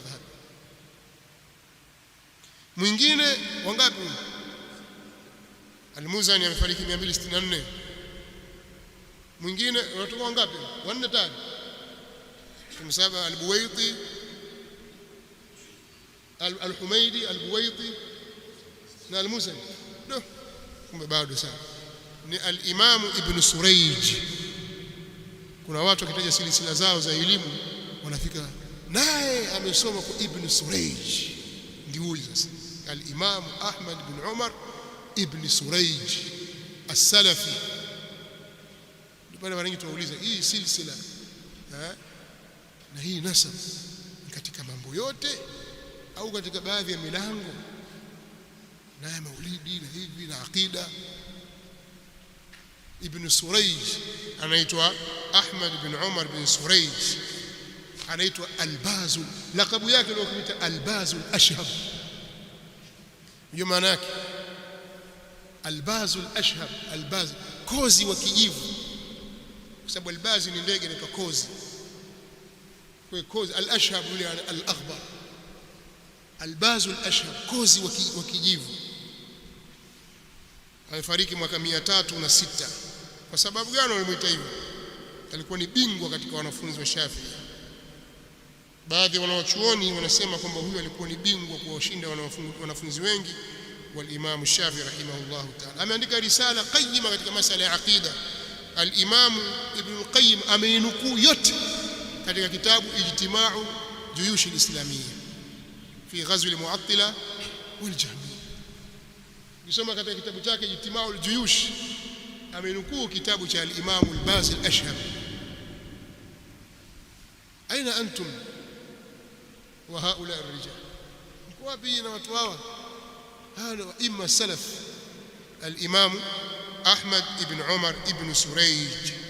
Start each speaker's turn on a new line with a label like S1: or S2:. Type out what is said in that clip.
S1: madhhabi. mwingine wangapi? Almuzani amefariki 264 mwingine unatoka wangapi? Wanne tani saba. Albuwaiti, Alhumaidi, Albuwaiti na Almuzani. No, kumbe bado sana ni Alimamu Ibnu Suraij. Kuna watu wakitaja silisila zao za elimu wanafika naye amesoma kwa Ibn Ndio Ndiuliza sasa, Alimamu Ahmad bin Umar Ibn Surayj As-Salafi. Ndio pale mara nyingi hii silsila na hii nasab katika mambo yote au katika baadhi ya milango, naye maulidi na hivi na aqida. Ibn suraij anaitwa Ahmad bin Umar bin suraij anaitwa Albazu, lakabu yake ndio kuita Albazu Alashhab. Hiyo maana yake Albazu Alashhab, Albazu kozi wa kijivu, kwa sababu albazi ni ndege inaitwa kozi. Kwa kozi alashhab yule alaghbar, Albazu Alashhab, kozi wa kijivu. Amefariki mwaka mia tatu na sita. Kwa sababu gani walimwita hivyo? Alikuwa ni bingwa katika wanafunzi wa Shafii. Baadhi ya wanawachuoni wanasema kwamba huyu alikuwa ni bingwa kuwashinda wanafunzi wengi walimamu Shafii rahimahullahu taala ameandika risala qayima katika masala ya aqida. Alimamu Ibnul Qayyim ameinukuu yote katika kitabu Ijtimau Juyushi Lislamiya fi Ghazwi Lmuatila Waljahmiya. Ukisoma katika kitabu chake Ijtimau Ljuyush amenukuu kitabu cha Alimamu Lbazi Lashhab. Aina antum وهؤلاء الرجال وبين وطواوة هذا إما السلف الإمام أحمد بن عمر بن سريج